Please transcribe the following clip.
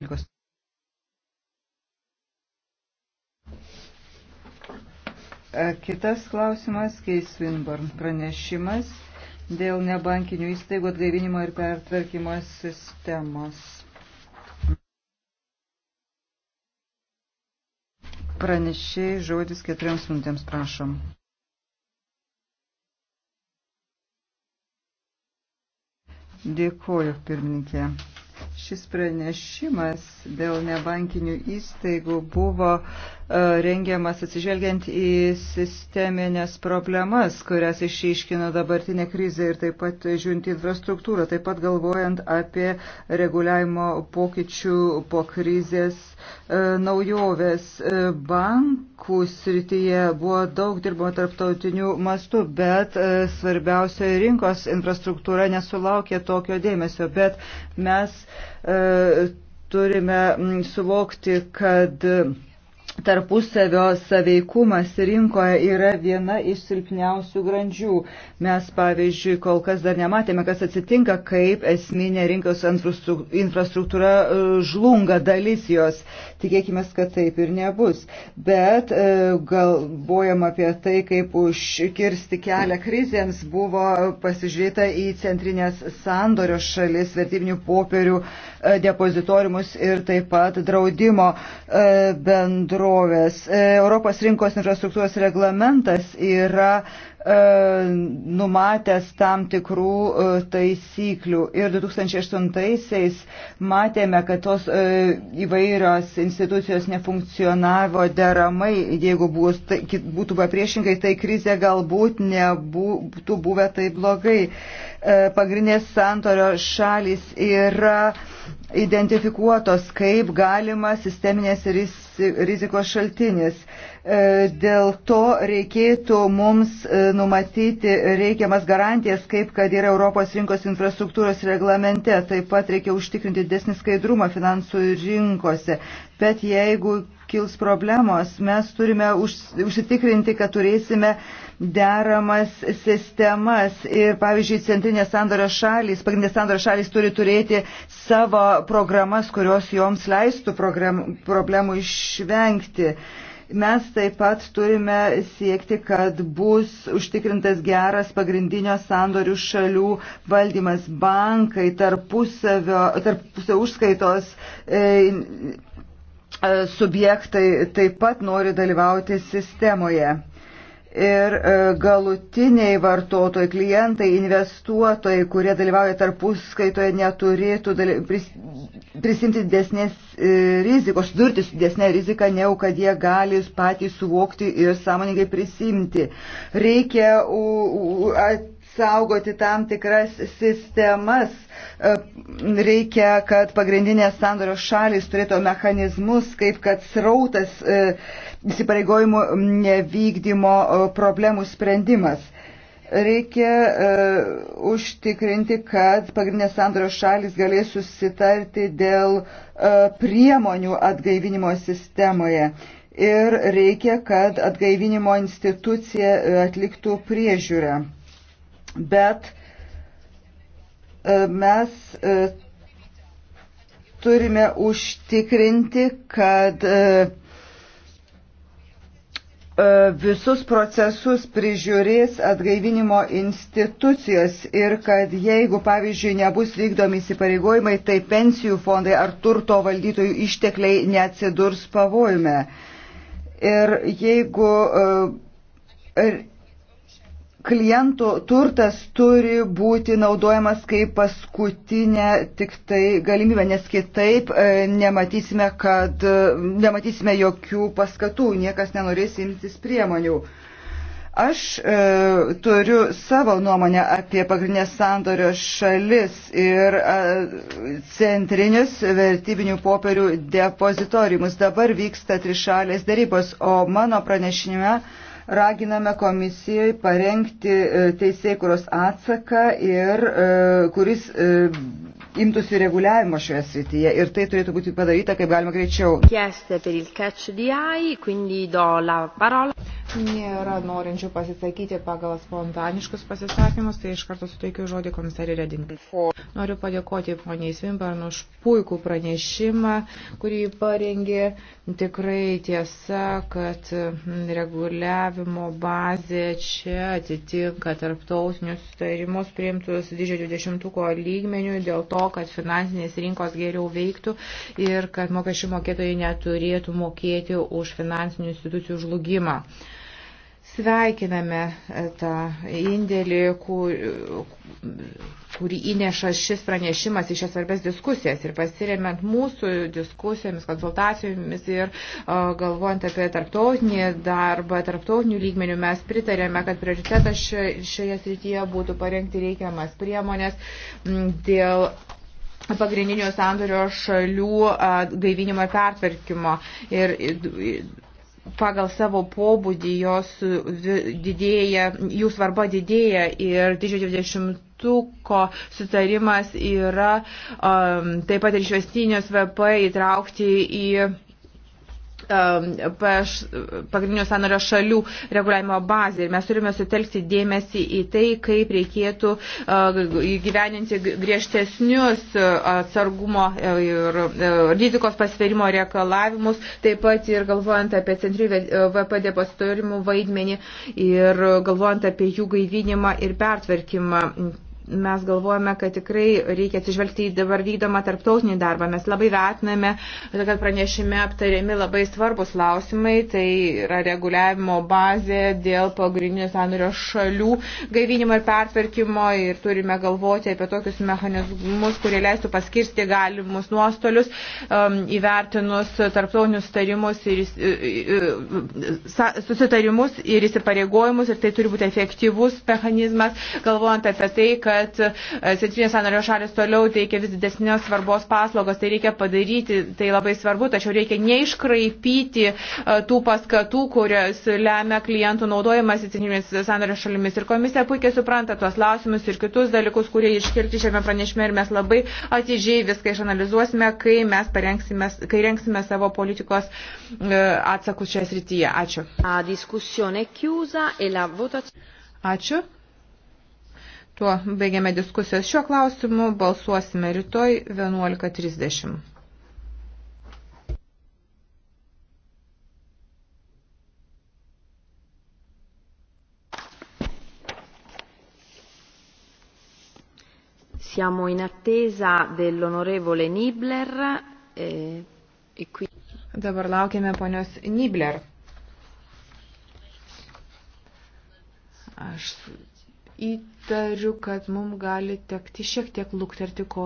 12. E, kitas klausimas, Keis Winborn pranešimas dėl nebankinių įstaigų atgaivinimo ir pertvarkymo sistemos. Pranešiai žodis keturiams minutėms prašom. Dėkuoju, pirmininkė. Šis pranešimas dėl nebankinių įstaigų buvo e, rengiamas atsižvelgiant į sisteminės problemas, kurias išiškino dabartinė krizė ir taip pat žiūrint infrastruktūrą, taip pat galvojant apie reguliavimo pokyčių po krizės e, naujovės. E, bankų srityje buvo daug dirbama tarptautinių mastų, bet svarbiausia rinkos infrastruktūra nesulaukė tokio dėmesio, bet mes turime suvokti, kad tarpusavio saveikumas rinkoje yra viena iš silpniausių grandžių. Mes, pavyzdžiui, kol kas dar nematėme, kas atsitinka, kaip esminė rinkos infrastruktūra e, žlunga dalis jos. Tikėkime, kad taip ir nebus. Bet e, galvojam apie tai, kaip užkirsti kelią krizėms, buvo pasižiūrėta į centrinės sandorio šalis, vertybinių popierių e, depozitoriumus ir taip pat draudimo bendro bendrovės. E, Europos rinkos infrastruktūros reglamentas yra e, numatęs tam tikrų e, taisyklių. Ir 2008-aisiais matėme, kad tos įvairios institucijos nefunkcionavo deramai. Jeigu tai, būtų buvę priešingai, tai krizė galbūt nebūtų buvę taip blogai. Pagrindinės santorio šalis yra identifikuotos kaip galima sisteminės ir įsitikinimas rizikos šaltinis. E, dėl to reikėtų mums e, numatyti reikiamas garantijas, kaip kad yra Europos rinkos infrastruktūros reglamente. Taip pat reikia užtikrinti desnį skaidrumą finansų rinkose. Bet jeigu kils problemos. Mes turime už, užsitikrinti, kad turėsime deramas sistemas ir, pavyzdžiui, centrinės sandorio šalys, pagrindinės sandorio šalys turi turėti savo programas, kurios joms leistų program, problemų išvengti. Mes taip pat turime siekti, kad bus užtikrintas geras pagrindinio sandorių šalių valdymas, bankai, tarpusavio, tarpusavio užskaitos. E, E, subjektai taip pat nori dalyvauti sistemoje. Ir e, galutiniai vartotojai, klientai, investuotojai, kurie dalyvauja tarpuskaitoje, neturėtų daly... prisimti didesnės e, rizikos, sudurti su didesnė rizika, negu kad jie gali patys suvokti ir sąmoningai prisimti. Reikia u, u, at, saugoti tam tikras sistemas. E, reikia, kad pagrindinės sandorio šalis turėtų mechanizmus, kaip kad srautas e, įsipareigojimų nevykdymo e, problemų sprendimas. Reikia uh, užtikrinti, kad pagrindinės sandorio šalis galės susitarti dėl uh, priemonių atgaivinimo sistemoje. Ir reikia, kad atgaivinimo institucija atliktų priežiūrę bet e, mes e, turime užtikrinti, kad e, visus procesus prižiūrės atgaivinimo institucijos ir kad jeigu, pavyzdžiui, nebus vykdomi įsipareigojimai, tai pensijų fondai ar turto valdytojų ištekliai neatsidurs pavojume. Ir jeigu klientų turtas turi būti naudojamas kaip paskutinė tik tai galimybė, nes kitaip e, nematysime, kad, e, nematysime jokių paskatų, niekas nenorės imtis priemonių. Aš e, turiu savo nuomonę apie pagrindinės sandorio šalis ir e, centrinius vertybinių popierių depozitoriumus. Dabar vyksta trišalės darybos, o mano pranešinime e, Raginame komisijai parengti e, teisėkuros atsaką, ir, e, kuris e, imtųsi reguliavimo šioje srityje ir tai turėtų būti padaryta kaip galima greičiau. Nėra norinčių pasisakyti pagal spontaniškus pasisakymus, tai iš karto suteikiu žodį komisarį Redinį. Noriu padėkoti poniai Svimbarn už puikų pranešimą, kurį parengė. Tikrai tiesa, kad reguliavimo bazė čia atitinka tarptautinius sutarimus priimtus didžiojo dvidešimtuko lygmenių dėl to, kad finansinės rinkos geriau veiktų ir kad mokesčių mokėtojai neturėtų mokėti už finansinių institucijų žlugimą. Sveikiname e, tą indėlį, kurį įneša šis pranešimas į šias svarbės diskusijas ir pasiremiant mūsų diskusijomis, konsultacijomis ir e, galvojant apie tarptautinį darbą, tarptautinių lygmenių, mes pritarėme, kad prioritetas šioje srityje būtų parengti reikiamas priemonės dėl pagrindinio sandorio šalių gaivinimo ir pertvarkymo. Ir pagal savo pobūdį jos didėja, jų svarba didėja ir didžiojo 20-tuko sutarimas yra um, taip pat ir išvestinius VP įtraukti į Um, pagrindinio senorio šalių reguliavimo bazę. Ir mes turime sutelkti dėmesį į tai, kaip reikėtų uh, įgyveninti griežtesnius uh, atsargumo uh, ir rizikos pasverimo reikalavimus, taip pat ir galvojant apie centrinių VP depozitorimų vaidmenį ir galvojant apie jų gaivinimą ir pertvarkymą mes galvojame, kad tikrai reikia atsižvelgti į dabar vykdomą tarptautinį darbą. Mes labai vertiname, kad pranešime aptariami labai svarbus klausimai, tai yra reguliavimo bazė dėl pagrindinio sąnario šalių gaivinimo ir pertvarkymo ir turime galvoti apie tokius mechanizmus, kurie leistų paskirsti galimus nuostolius, um, įvertinus tarptautinius tarimus ir, susitarimus ir įsipareigojimus ir tai turi būti efektyvus mechanizmas, galvojant apie tai, kad kad e, centrinės sanario šalis toliau teikia vis didesnės svarbos paslaugos. Tai reikia padaryti, tai labai svarbu, tačiau reikia neiškraipyti e, tų paskatų, kurias lemia klientų naudojimas centrinėmis sanario šalimis. Ir komisija puikiai supranta tuos klausimus ir kitus dalykus, kurie iškelti šiame pranešime ir mes labai atidžiai viską išanalizuosime, kai mes parengsime, kai rengsime savo politikos e, atsakus šią srityje. Ačiū. Ačiū. Tuo baigiame diskusijas šiuo klausimu, balsuosime rytoj 11.30. Siamo in attesa dell'onorevole Nibler. Eh, e qui... Dabar laukiame ponios Nibler. Aš įtariu, kad mums gali tekti šiek tiek lukterti, kol